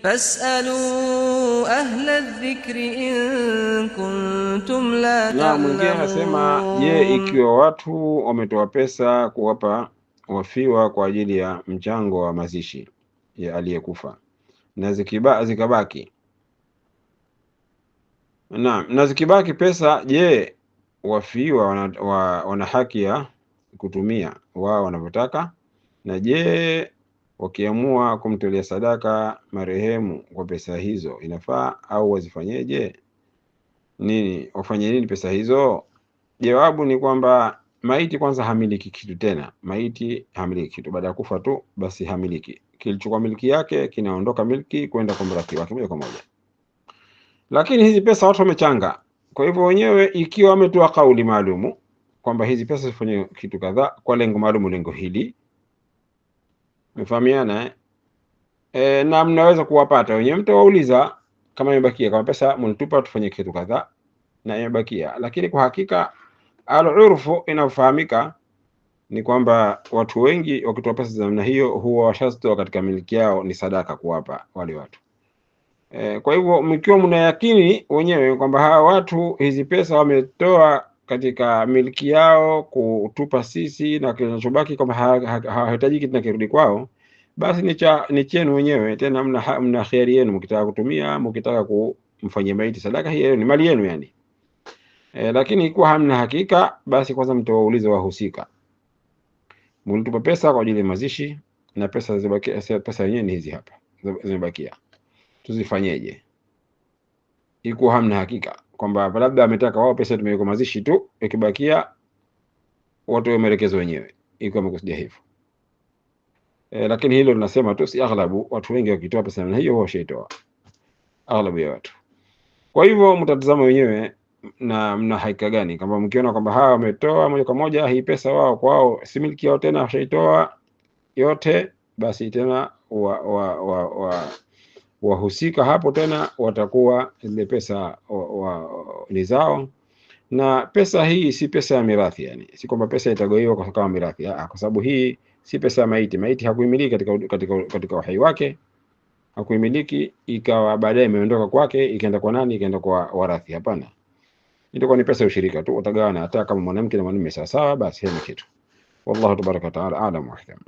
Fasalu ahla dhikri in kuntum la ta'lamun. Na mwingine anasema, je, ikiwa watu wametoa pesa kuwapa wafiwa kwa ajili ya mchango wa mazishi ya aliyekufa na zikiba, zikabaki naam, na zikibaki pesa, je, wafiwa wana, wana haki ya kutumia wao wanavyotaka na je wakiamua kumtolea sadaka marehemu kwa pesa hizo inafaa au wazifanyeje? Nini wafanye nini pesa hizo? Jawabu ni kwamba maiti kwanza hamiliki kitu tena, maiti hamiliki kitu baada ya kufa tu, basi hamiliki. Kilichokuwa miliki yake kinaondoka miliki kwenda kwa mrithi wake moja kwa moja, lakini hizi pesa watu wamechanga. Kwa hivyo wenyewe ikiwa wametoa kauli maalumu kwamba hizi pesa zifanye kitu kadhaa kwa lengo maalumu, lengo hili Mefahamiana eh? E, na mnaweza kuwapata wenyewe, mtawauliza kama imebakia kama pesa mnitupa tufanye kitu kadhaa na imebakia, lakini kwa hakika al-urfu inafahamika ni kwamba watu wengi wakitoa pesa za namna hiyo huwa washazitoa katika miliki yao, ni sadaka kuwapa wale watu e. Kwa hivyo mkiwa mna yakini wenyewe kwamba hawa watu hizi pesa wametoa katika miliki yao kutupa sisi, na kinachobaki kwamba hawahitaji kitu na kirudi kwao basi ni cha ni chenu wenyewe, tena mna mna khiari yenu, mkitaka kutumia, mkitaka kumfanyia maiti sadaka hiyo ni mali yenu yani. E, lakini kwa hamna hakika, basi kwanza mtawaulize wahusika, mlitupa pesa kwa ajili ya mazishi na pesa zibakia, pesa yenyewe ni hizi hapa zimebakia, tuzifanyeje? Iko hamna hakika kwamba labda ametaka wao pesa tumeweka mazishi tu, ikibakia watu wa maelekezo wenyewe, iko amekusudia hivyo e, lakini hilo linasema tu si aghlabu, watu wengi wakitoa pesa namna hiyo washaitoa aghlabu ya watu. Kwa hivyo mtatazama wenyewe na mna haika gani, kama mkiona kwamba hawa wametoa moja kwa moja hii pesa wao kwao, si miliki yao tena, washaitoa yote, basi tena wa, wa, wa, wa wahusika hapo tena watakuwa zile pesa ni zao, na pesa hii si pesa ya mirathi, yani si kwamba pesa itagawiwa kama mirathi, kwa sababu hii si pesa ya maiti. Maiti hakuimiliki katika, katika, katika uhai wake hakuimiliki, ikawa baadaye imeondoka kwake ikaenda kwa nani? Ikaenda kwa warathi? Hapana, itakuwa ni pesa ya ushirika tu, utagawana hata kama mwanamke na mwanamume sawasawa, basi ni kitu. Wallahu tabaraka wataala alam wa ahkam.